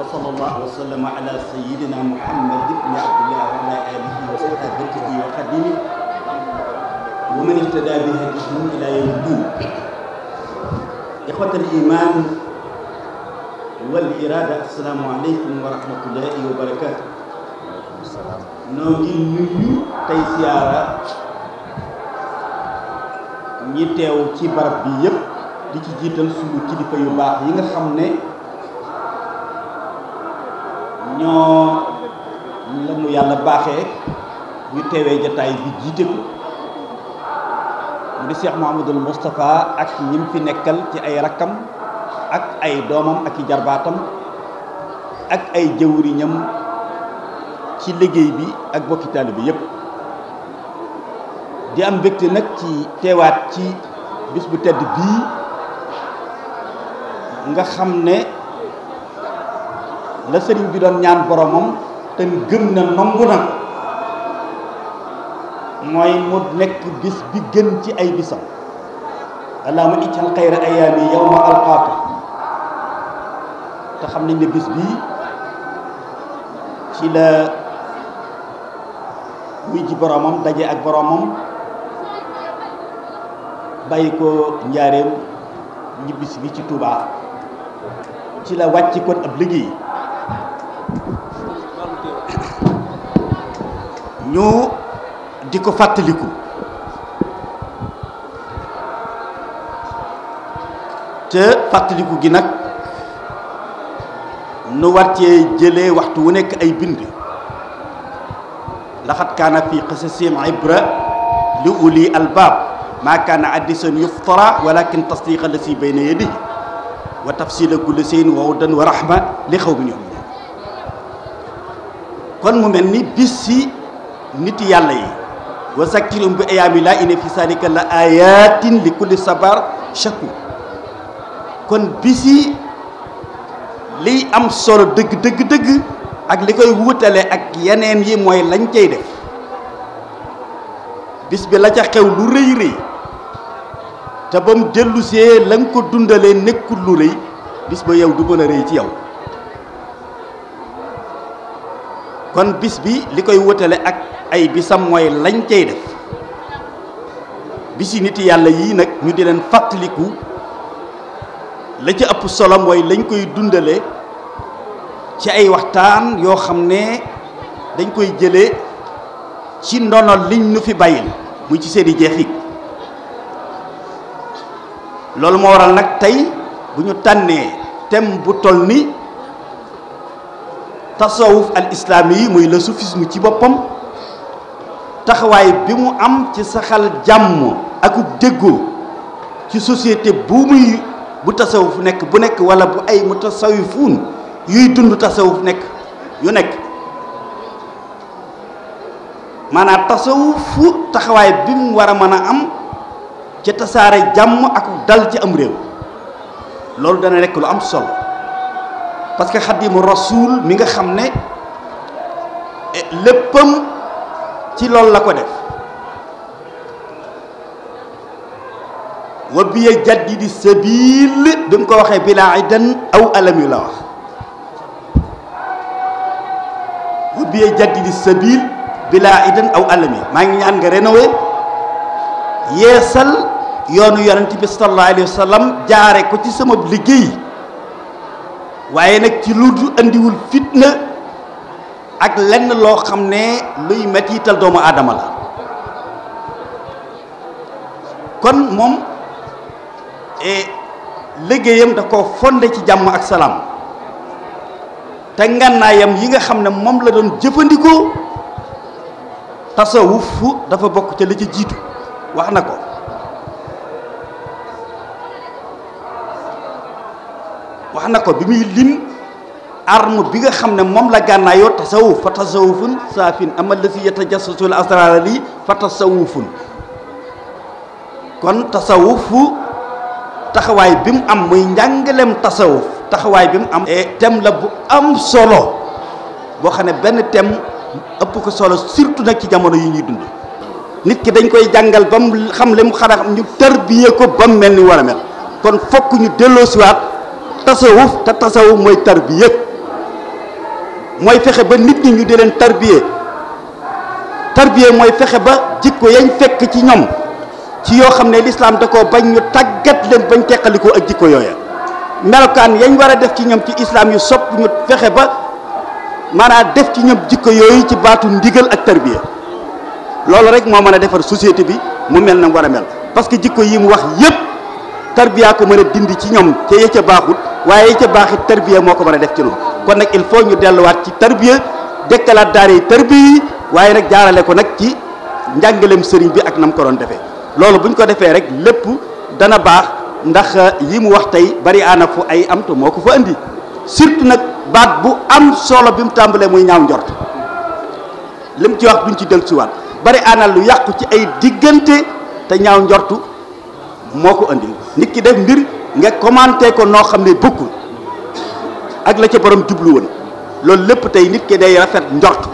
wa sallallahu wa sallama ala sayyidina muhammad ibni abdillah wa ngi nuyu ci barab bi yépp di ci jiital suñu kilifa yu baax yi nga xam ne ñoo lañu yàlla baaxee ñu teewee jataay bi jiite ko mu di Cheikh Mouhamadul Moustapha ak ñim fi nekkal ci ay rakkam ak ay doomam ak jarbaatam ak ay jëwriñam ci liggéey bi ak bokki bi yépp di am mbégte nag ci teewaat ci bis bu tedd bii nga xam ne la sëriñ bi doon ñaan boromam te gëm na nangu na mooy mu nekk bis bi gën ci ay bisam allahumma ij'al xayra ayaami yawma alqaaka te xam ne bis bii ci la wuy ji boromam daje ak boromam bàyyi ko njaareem ñibbisi bi ci Touba ci la wàcc kon ab liggéey ñu di ko fàttaliku te fàttaliku gi nag nu war cee waxtu wu nekk ay bind laxat kaana fi qasasihim ibra li uli albaab maa kaana hadiisan yuftara walakin tasdiqa lasi bayna yadihi wa tafsila kulli shay'in wa hudan wa rahma li xawmin yu'minun kon mu mel ni bis si nit yàlla yi wa zakkirum bi ayaami laa inna fi la ayatin li kulli sabar shakur kon bisi liy am solo dëgg dëgg dëgg ak li koy wutale ak yeneen yi mooy lañ cay def bis bi la ca xew lu rëy rëy te ba mu dellusee la ko dundalee nekkul lu rëy bis ba yow du mën a ci yow kon bis bi li koy wutale ak ay bisam mooy lañ cay def bisi nit yàlla yii nag ñu di leen fàttaliku la ca ëpp solo mooy lañ koy dundale ci ay waxtaan yoo xam ne dañ koy jële ci ndono liñ nu fi bàyyil muy ci seeni jeexit loolu moo waral nag tey bu ñu tànnee thème bu toll ni tasawuf al islaami yi muy le soufisme ci boppam taxawaay bi mu am ci saxal jàmm akub déggoo ci société bu muy bu tasawuf nekk bu nekk wala bu ay mu tasawifuun yuy dund tasawuf nekk yu nekk maanaam tasawufu taxawaay bi mu war a mën a am ca tasaare jàmm ak dal ci am réew loolu dana nekk lu am solo parce que xadimu rasul mi nga xam ne eh, léppam ci loolu la ko def wa biya jaddidi sabil bi mu ko waxee bilaa idan aw alam yu la wax wa biya jaddidi sabil bilaa idan aw alam maa ngi ñaan nga rénové yeesal yoonu yonent bi sallallahu alayhi jaare ko ci sama liggéey waaye nag ci lu andiwul fitna ak lenn loo xam ne luy mettital doomu aadama la kon moom e, liggéeyam da ko fonde ci jàmm ak salaam te ngànnaayam yi nga xam ne moom la doon jëfandikoo tasawuf dafa bokk ca li ci jiitu wax na ko na ko bi muy lim arme bi nga xam ne moom la gànnaayoo tasawuf fa tasawufun saafin amal la si yatajassasul asraar yi fa tasawufun kon tasawufu taxawaay bi mu am muy njàngaleem tasawuf taxawaay bi mu am eh, thème la bu am solo boo xam ne benn thème ëpp ko solo surtout nag ci jamono yi ñuy dund nit ki dañ koy jàngal ba mu xam li mu ñu tarbiyee ko ba mu mel ni war a mel kon fokk ñu delloosiwaat tasawuf te tasawuf mooy tarbiye mooy fexe ba nit ñi ñu di leen tarbiye tarbiye mooy fexe ba jikko yañ fekk ci ñoom ci yoo xam ne lislaam da koo bañ ñu tàggat leen bañ teqalikoo ak jikko yooya melokaan yañ war a def ci ñoom ci islaam yu sopp ñu fexe ba maanaam def ci ñoom jikko yooyu ci baatu ndigal ak tarbiye loolu rek moo mën a defar société bi mu mel na war a mel parce que jikko yi mu wax yépp tarbiya ko mën a dindi ci ñoom te ya ca waaye ca baaxit tarbiya moo ko mën a def ci noonu kon nag il faut ñu delluwaat ci tarbiya dëkkalaat daara yi tarbiya yi waaye nag jaarale ko nag ci njàngaleem sëriñ bi ak nam ko doon defee loolu bu ñu ko defee rek lépp dana baax ndax uh, yi mu wax tey bari aana fu ay am te moo ko fa indi surtout nag baat bu am solo bi mu tàmbalee muy ñaaw njort li ci wax duñ ci dellu si waat bari aana lu yàqu ci ay diggante te ñaaw njortu moo ko indi nit ki def mbir nga commenté ko noo xam ne bokkul ak la ca borom jublu loolu lépp tey nit ki day rafet njort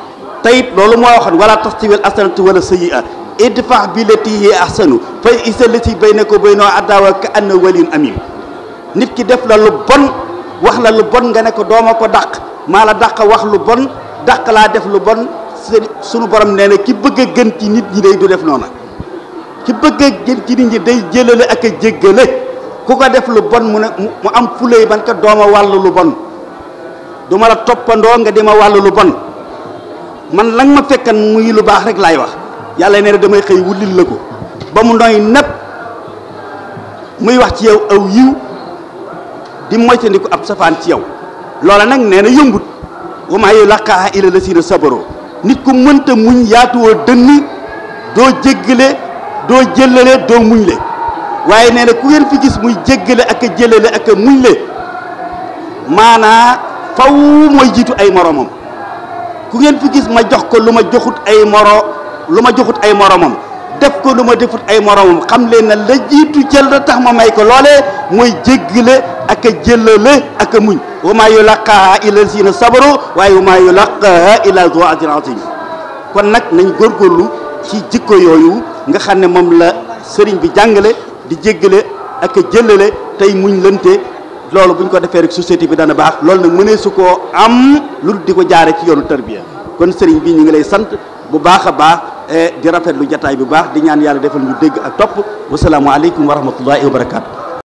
tayit loolu moo waxoon wala tastiwil asanatu wala sayyi'a idfa' billati hiya ahsanu ci iza llati ko wa baynahu adawa ka annahu waliyyun amin nit ki def la lu bon wax la lu bon nga ne ko dooma ko dàq maa la dàq wax lu bon dàq laa def lu bon sunu borom nee na ki bëgg a gën ci nit ñi day du def noona ki bëgg a gën ci nit ñi day jëlale ak a jéggale ku ko def lu bon mu ne mu am fulay ban ko dooma wàllu lu bon du la toppandoo nga di ma wàllu lu bon man la nga ma fekkan muy lu baax rek laay wax yàlla nee na damay xëy wullil la ko ba mu nooy nepp muy wax ci yow aw yiw di moytandiku ab safaan ci yow loola nag nee na yëmbut wa maa yulaqaaha illa lasiina sabaroo nit ku mënta muñ yaatuwoo dënn doo jéggale doo jëllale doo muñle waaye nee na ku ngeen fi gis muy jéggale ak a jëlale ak a muñle maanaa faw mooy jiitu ay moromam ku ngeen fi gis ma jox ko lu ma joxut ay moro lu ma joxut ay moromam def ko lu ma defut ay moromam xam leen na la jiitu jël la tax ma may ko loole mooy jéggale ak a jëlale ak a muñ wa maa yulaqaaha illa siina sabaru waaye wa maa yulaqaaha illa zu ajrin kon nag nañ góorgóorlu ci jikko yooyu nga xam ne moom la sëriñ bi jàngale di jéggale ak a jëllale tey muñ lënte loolu buñ ko defee rek société bi dana baax loolu nag mënee su koo am lu di ko jaare ci yoonu tarbiya kon sëriñ bii ñu ngi lay sant bu baax a baax eh, di lu jataay bu baax di ñaan yàlla defal ñu dégg ak topp wasalaamualeykum wa rahmatullahi wa barakaatu.